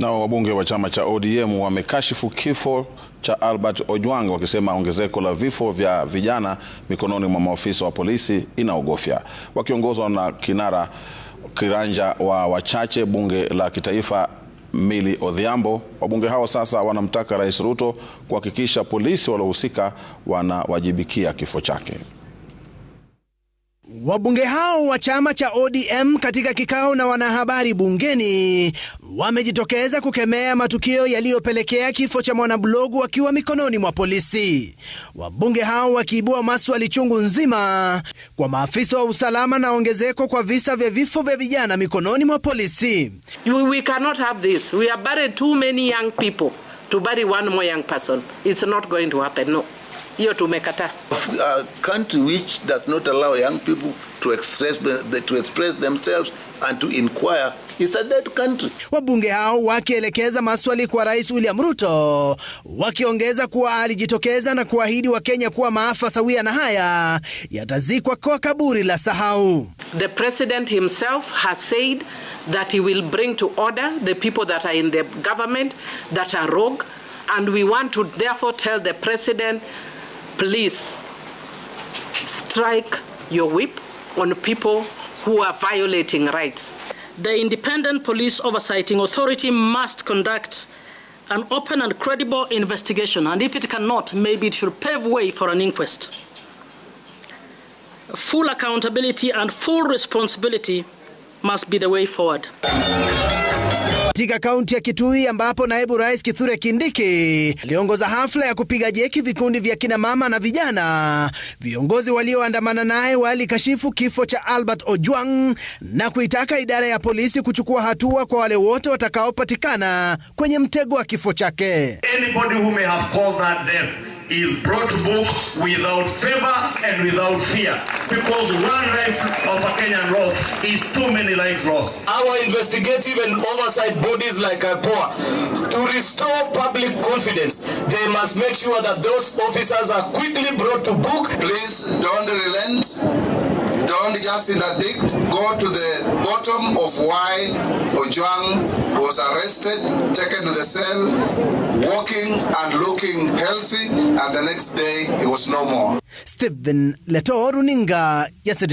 Nao wabunge wa chama cha ODM wamekashifu kifo cha Albert Ojwang wakisema ongezeko la vifo vya vijana mikononi mwa maafisa wa polisi inaogofya. Wakiongozwa na kinara kiranja wa wachache bunge la kitaifa mili Odhiambo, wabunge hao sasa wanamtaka Rais Ruto kuhakikisha polisi waliohusika wanawajibikia kifo chake. Wabunge hao wa chama cha ODM katika kikao na wanahabari bungeni wamejitokeza kukemea matukio yaliyopelekea kifo cha mwanablogu wakiwa mikononi mwa polisi. Wabunge hao wakiibua maswali chungu nzima kwa maafisa wa usalama na ongezeko kwa visa vya vifo vya vijana mikononi mwa polisi. We We hiyo tumekataa. country which does not allow young people to express, to express themselves and to inquire is a dead country. Wabunge hao wakielekeza maswali kwa Rais William Ruto, wakiongeza kuwa alijitokeza na kuahidi Wakenya kuwa maafa sawia na haya yatazikwa kwa kaburi la sahau. The president himself has said that he will bring to order the people that are in the government that are rogue and we want to therefore tell the president Police strike your whip on people who are violating rights. The Independent Police Oversighting Authority must conduct an open and credible investigation, and if it cannot, maybe it should pave way for an inquest. Full accountability and full responsibility must be the way forward. Katika kaunti ya Kitui ambapo naibu rais Kithure Kindiki aliongoza hafla ya kupiga jeki vikundi vya kina mama na vijana, viongozi walioandamana naye walikashifu kifo cha Albert Ojwang na kuitaka idara ya polisi kuchukua hatua kwa wale wote watakaopatikana kwenye mtego wa kifo chake is brought back without favor and without fear because one life of a Kenyan lost is too many lives lost. Our investigative and oversight bodies like IPOA, to restore public confidence, they must make sure that those officers are quickly brought to book. Please don't relent. Don't just interdict. Go to the bottom of why ojuang was arrested, taken to the cell, walking and looking healthy, and the next day he was no more. Stephen Leto, runinga ya